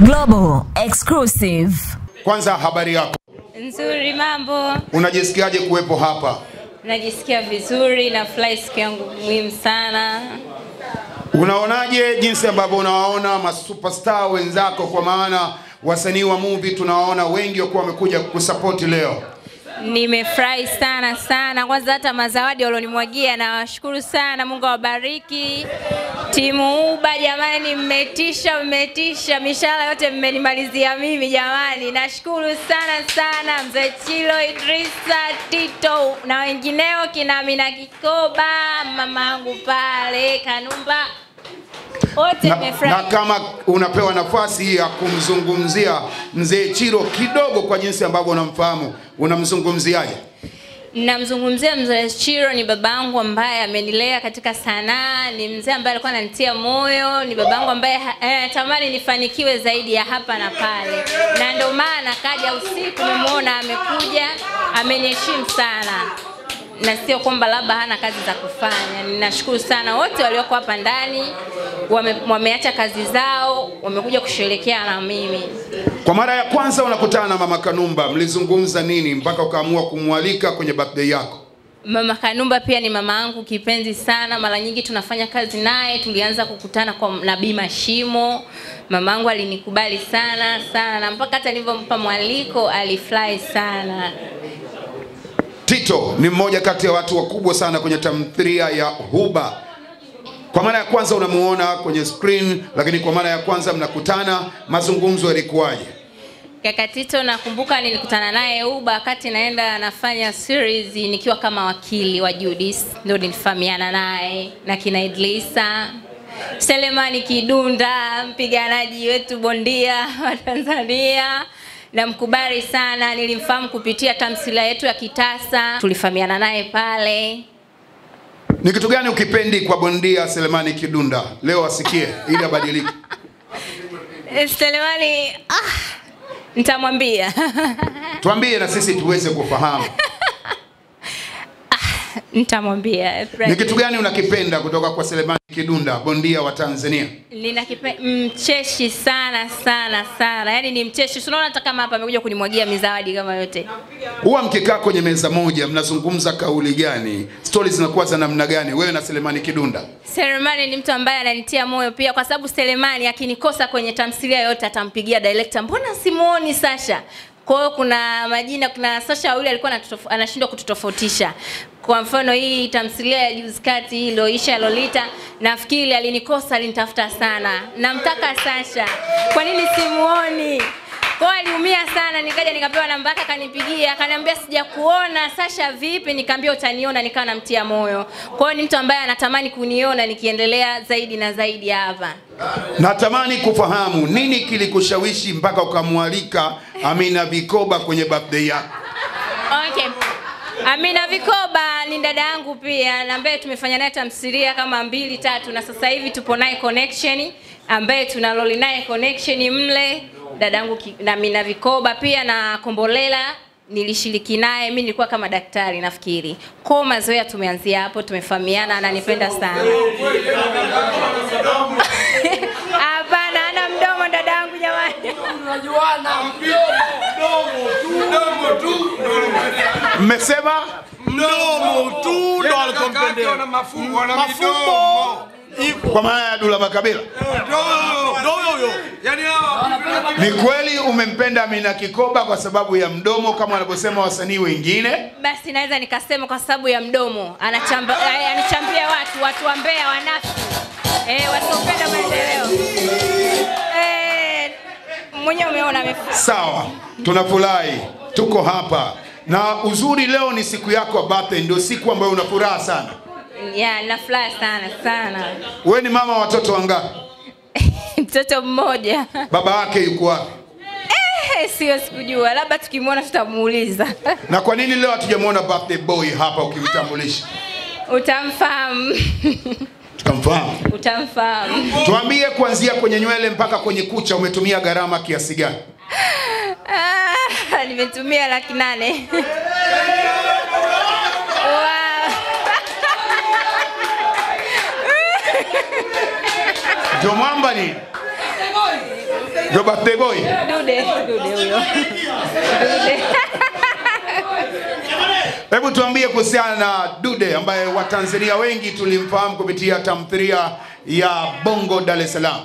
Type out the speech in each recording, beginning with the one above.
Global Exclusive. Kwanza habari yako? Nzuri, mambo. Unajisikiaje kuwepo hapa? Najisikia vizuri, nafurahi siku yangu muhimu sana. Unaonaje jinsi ambavyo unawaona superstar wenzako, kwa maana wasanii wa movie tunawaona wengi wakuwa wamekuja kusapoti leo? Nimefurahi sana sana, kwanza hata mazawadi walionimwagia, nawashukuru sana. Mungu awabariki. Timu Uba jamani, mmetisha, mmetisha, mishahara yote mmenimalizia mimi jamani. Nashukuru sana sana mzee Chilo Idrisa Tito na wengineo, kina Amina Kikoba, yangu pale Kanumba wote na, na kama unapewa nafasi ya kumzungumzia mzee Chilo kidogo kwa jinsi ambavyo unamfahamu, unamzungumziaje? Namzungumzia mzee Chiro, ni babangu ambaye amenilea katika sanaa, ni mzee ambaye alikuwa ananitia moyo, ni babangu ambaye eh, tamani nifanikiwe zaidi ya hapa na pale, na ndio maana kaja usiku, nimeona amekuja, ameniheshimu sana na sio kwamba labda hana kazi za kufanya. Ninashukuru sana wote walioko hapa ndani, wame, wameacha kazi zao, wamekuja kusherehekea na mimi. Kwa mara ya kwanza unakutana na Mama Kanumba, mlizungumza nini mpaka ukaamua kumwalika kwenye birthday yako? Mama Kanumba pia ni mama yangu kipenzi sana, mara nyingi tunafanya kazi naye. Tulianza kukutana kwa Nabii Mashimo, mama yangu alinikubali sana sana, mpaka hata nilivyompa mwaliko alifurahi sana. Tito ni mmoja kati ya watu wakubwa sana kwenye tamthilia ya Huba. Kwa mara ya kwanza unamuona kwenye screen, lakini kwa mara ya kwanza mnakutana, mazungumzo yalikuwaje? Kaka Tito, nakumbuka nilikutana naye Uba wakati naenda nafanya series nikiwa kama wakili wa Judith, ndio nilifahamiana naye na kina Idlisa Selemani Kidunda, mpiganaji wetu bondia wa Tanzania namkubali sana, nilimfahamu kupitia tamthilia yetu ya Kitasa, tulifahamiana naye pale. Ni kitu gani ukipendi kwa bondia Selemani Kidunda leo asikie ili abadilike? Eh, Selemani, ah, nitamwambia. Tuambie na sisi tuweze kufahamu. Nitamwambia. Ni kitu gani unakipenda kutoka kwa Selemani Kidunda, bondia wa Tanzania? Ninakipenda mcheshi sana sana sana, yaani ni mcheshi. Unaona hata kama hapa amekuja kunimwagia mizawadi kama yote. Huwa mkikaa kwenye meza moja, mnazungumza kauli gani? Stories zinakuwa za namna gani, wewe na Selemani Kidunda? Selemani ni mtu ambaye ananitia moyo pia, kwa sababu Selemani akinikosa kwenye tamthilia yote atampigia director, mbona simuoni Sasha? Kwa hiyo kuna majina, kuna Sasha yule alikuwa anashindwa kututofautisha. Kwa mfano hii tamthilia ya juzi kati hii iliyoisha Lolita, nafikiri alinikosa, alinitafuta sana. Namtaka Sasha, kwa nini simuoni? Kwa aliumia sana, nikaja nikapewa namba yake, akanipigia akaniambia sijakuona Sasha, vipi? Nikamwambia utaniona, nikawa namtia moyo. Kwa hiyo ni mtu ambaye anatamani kuniona nikiendelea zaidi na zaidi hapa. Natamani kufahamu nini kilikushawishi mpaka ukamwalika Amina Bikoba kwenye birthday yako. Okay, Amina Vikoba ni dada yangu pia na ambaye tumefanya naye tamthilia kama mbili tatu, na sasa hivi tupo naye connection, ambaye tuna naye connection mle dadangu na Amina Vikoba pia na Kombolela nilishiriki naye, mimi nilikuwa kama daktari nafikiri. Kwa mazoea tumeanzia hapo, tumefahamiana, ananipenda sana. Hapana, ana mdomo dadangu jamani. Unajuana mdomo tu. Mdomo tu mmesema mdomo tu ndo alikompendea mafumbo kwa maana ya Dula Makabila ni kweli umempenda Amina Kikoba kwa sababu ya mdomo kama wanavyosema wasanii wengine? Basi naweza nikasema kwa sababu ya mdomo, anachamba eh, anachambia watu, watu wa Mbeya wanafi eh, wasiopenda maendeleo. Eh, mwenyewe umeona amefuka. Sawa, tunafurahi, tuko hapa na uzuri leo ni siku yako ya birthday, ndio siku ambayo una furaha sana. Yeah, na furaha sana sana. Wewe ni mama watoto wangapi? Mtoto mmoja. Baba yake yuko wapi? Eh, sio sikujua, labda tukimwona tutamuuliza. na kwa nini leo hatujamwona birthday boy hapa ukimtambulisha? Utamfahamu. Utamfahamu. Utamfahamu. Tuambie kuanzia kwenye nywele mpaka kwenye kucha umetumia gharama kiasi gani? Ah, nimetumia laki nane. Jomwambani. Jobategoi. Dude, dude huyo. Dude. Hebu tuambie kuhusiana na Dude ambaye Watanzania wengi tulimfahamu kupitia tamthilia ya Bongo Dar es Salaam.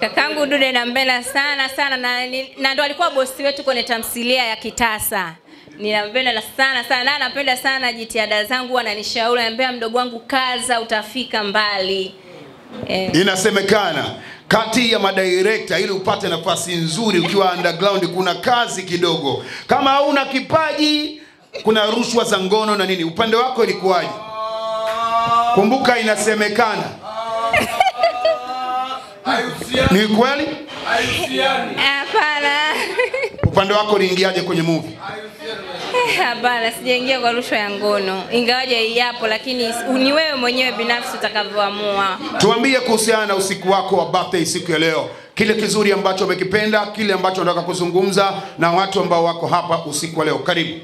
Kakangu Dude nampenda sana sana na, na ndo alikuwa bosi wetu kwenye tamthilia ya Kitasa. Ninampenda sana sana na anapenda sana jitihada zangu, ananishauri anambia, mdogo wangu, kaza, utafika mbali. Eh. Inasemekana kati ya madirekta ili upate nafasi nzuri ukiwa underground kuna kazi kidogo. Kama hauna kipaji, kuna rushwa za ngono na nini. Upande wako ilikuwaje? Kumbuka, inasemekana ni kweli? Hapana. Upande wako uliingiaje kwenye movie? Eh, hapana, sijaingia kwa rushwa ya ngono, ingawaje iyapo lakini ni wewe mwenyewe binafsi utakavyoamua. Tuambie kuhusiana na usiku wako wa birthday siku ya leo, kile kizuri ambacho umekipenda, kile ambacho unataka kuzungumza na watu ambao wako hapa usiku wa leo. Karibu.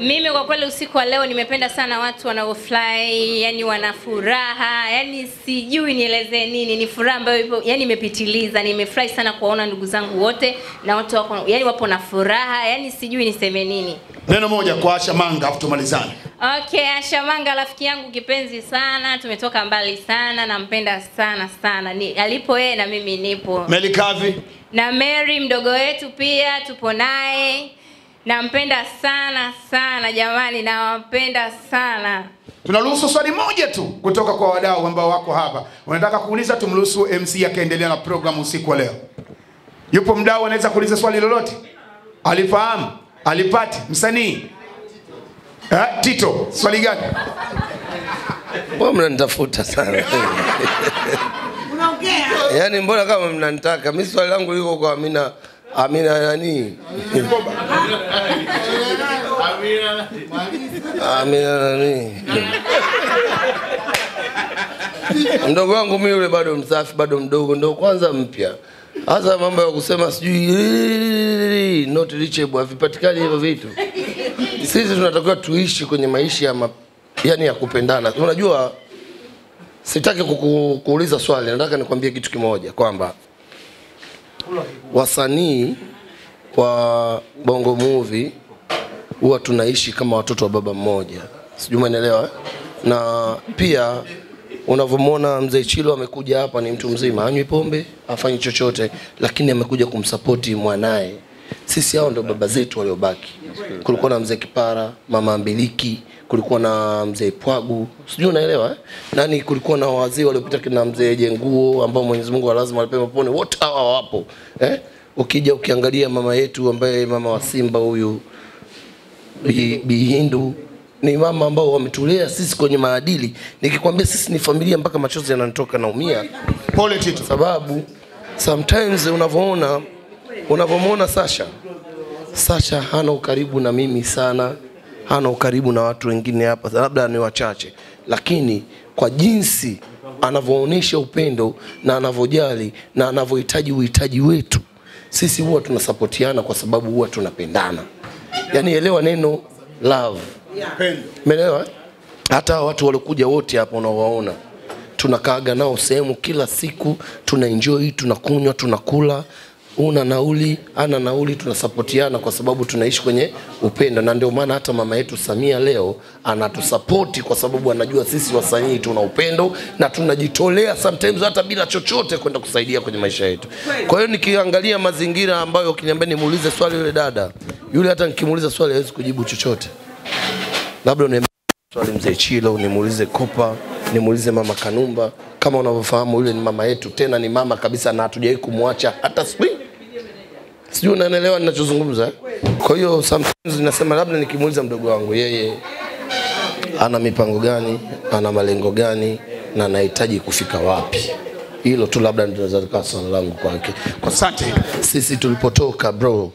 Mimi kwa kweli usiku wa leo nimependa sana watu wanaofly, yani wana furaha, yani sijui nieleze nini, ni furaha ambayo ipo, yani imepitiliza. Nimefurahi sana kuwaona ndugu zangu wote na watu wako, yani wapo na furaha, yani sijui niseme nini. Neno moja kwa Asha Manga afu tumalizane. Okay, Asha Manga rafiki yangu kipenzi sana, tumetoka mbali sana, nampenda sana sana. Ni, alipo yeye na mimi nipo. Melikavi na Mary mdogo wetu pia tupo naye. Nampenda sana sana jamani, nawapenda sana. Tunaruhusu swali moja tu kutoka kwa wadau ambao wako hapa, wanataka kuuliza, tumruhusu MC akaendelea na programu usiku wa leo. Yupo mdau anaweza kuuliza swali lolote, alifahamu alipati msanii eh, Tito, swali gani? Mbona mnanitafuta sana? Yaani mbona kama mnanitaka mimi, swali langu liko kwa mina Amina nani? Amina nani? mdogo wangu mimi yule bado msafi, bado mdogo, ndo kwanza mpya. Hasa mambo ya kusema sijui not reachable, havipatikani hivyo vitu. Sisi tunatakiwa tuishi kwenye maisha ya ma, yani ya kupendana. Unajua, sitaki kuku, kuuliza swali, nataka nikwambie kitu kimoja kwamba wasanii wa bongo movie huwa tunaishi kama watoto wa baba mmoja, sijui umeelewa. Eh? Na pia unavyomwona mzee Chilo amekuja hapa, ni mtu mzima, anywi pombe, afanyi chochote, lakini amekuja kumsapoti mwanaye. Sisi hao ndio baba zetu waliobaki. Kulikuwa na mzee Kipara, mama Ambiliki, kulikuwa na mzee Pwagu, sijui unaelewa eh? Nani, kulikuwa na wazee waliopita kina mzee Jenguo ambao Mwenyezi Mungu lazima alipe mapone, wote hawa wapo eh? Ukija ukiangalia mama yetu ambaye mama wa Simba huyu Bihindu ni mama ambao wametulea sisi kwenye maadili. Nikikwambia sisi ni familia mpaka machozi yananitoka naumia. Pole Tito. Sababu sometimes unavyoona unavyomwona Sasha, Sasha hana ukaribu na mimi sana hana ukaribu na watu wengine hapa, labda ni wachache, lakini kwa jinsi anavyoonyesha upendo na anavyojali na anavyohitaji uhitaji wetu sisi, huwa tunasapotiana kwa sababu huwa tunapendana. Yani elewa neno love, umeelewa? Hata watu waliokuja wote hapa unaowaona tunakaaga nao sehemu kila siku, tuna enjoy, tunakunywa, tunakula una nauli, ana nauli, tunasapotiana kwa sababu tunaishi kwenye upendo, na ndio maana hata mama yetu Samia leo anatusapoti kwa sababu anajua sisi wasanii tuna upendo na tunajitolea sometimes hata bila chochote kwenda kusaidia kwenye maisha yetu. Kwa hiyo nikiangalia mazingira ambayo kiniambia nimuulize swali yule dada yule, hata nikimuuliza swali hawezi kujibu chochote, labda ni swali mzee Chilo, nimuulize Kopa, nimuulize mama Kanumba. Kama unavyofahamu yule ni mama yetu, tena ni mama kabisa, na hatujawahi kumwacha hata siku sijui unanielewa ninachozungumza. Kwa hiyo sometimes ninasema labda nikimuuliza mdogo wangu yeye ana mipango gani, ana malengo gani na anahitaji kufika wapi. Hilo tu labda ndio naweza langu kwake. Kwa asante. Sisi tulipotoka bro,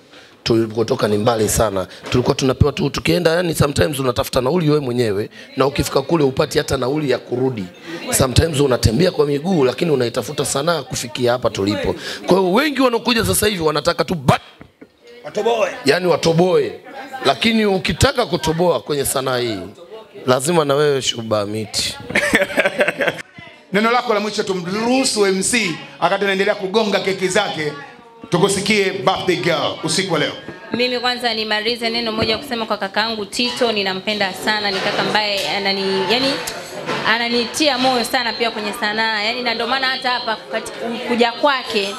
tulipotoka ni mbali sana, tulikuwa tunapewa tu tukienda, yani sometimes unatafuta nauli wewe mwenyewe, na ukifika kule upati hata nauli ya kurudi. Sometimes unatembea kwa miguu, lakini unaitafuta sanaa kufikia hapa tulipo. Kwa hiyo wengi wanaokuja sasa hivi wanataka tu bat watoboe, yani watoboe, lakini ukitaka kutoboa kwenye sanaa hii lazima na wewe shuba miti neno lako la mwisho, tumruhusu MC akati anaendelea kugonga keki zake tukusikie birthday girl usiku wa leo. Mimi kwanza nimalize neno moja kusema kwa kakaangu Tito, ninampenda sana, ni kaka ambaye anani yani ananitia moyo sana pia kwenye sanaa yani, na ndio maana hata hapa kuja kwake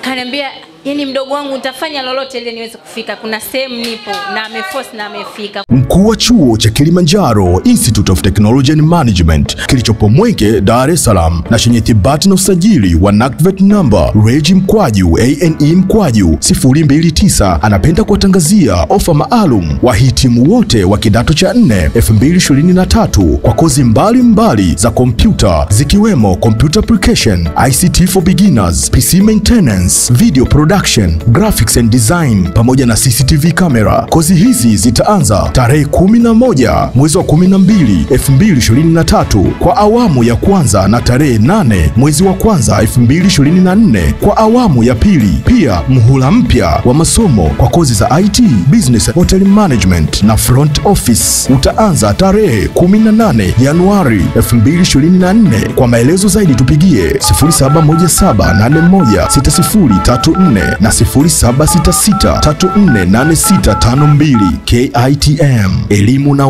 kaniambia yani mdogo wangu utafanya lolote ili niweze kufika. Kuna sehemu nipo na ameforce na amefika. Mkuu wa chuo cha Kilimanjaro Institute of Technology and Management kilichopo Mwenge, Dar es Salaam na chenye thibati na usajili wa NACTVET number reji mkwaju ane mkwaju 029 anapenda kuwatangazia ofa maalum wahitimu wote wa kidato cha 4 2023 kwa kozi mbalimbali mbali za kompyuta zikiwemo computer application, ICT for beginners, PC maintenance, video production production, graphics and design pamoja na CCTV camera. Kozi hizi zitaanza tarehe 11 mwezi wa 12 2023 kwa awamu ya kwanza na tarehe 8 mwezi wa kwanza 2024 kwa awamu ya pili. Pia mhula mpya wa masomo kwa kozi za IT, business, hotel management na front office utaanza tarehe 18 Januari 2024. Kwa maelezo zaidi tupigie 0717816034 8 na 0766348652 KITM elimu na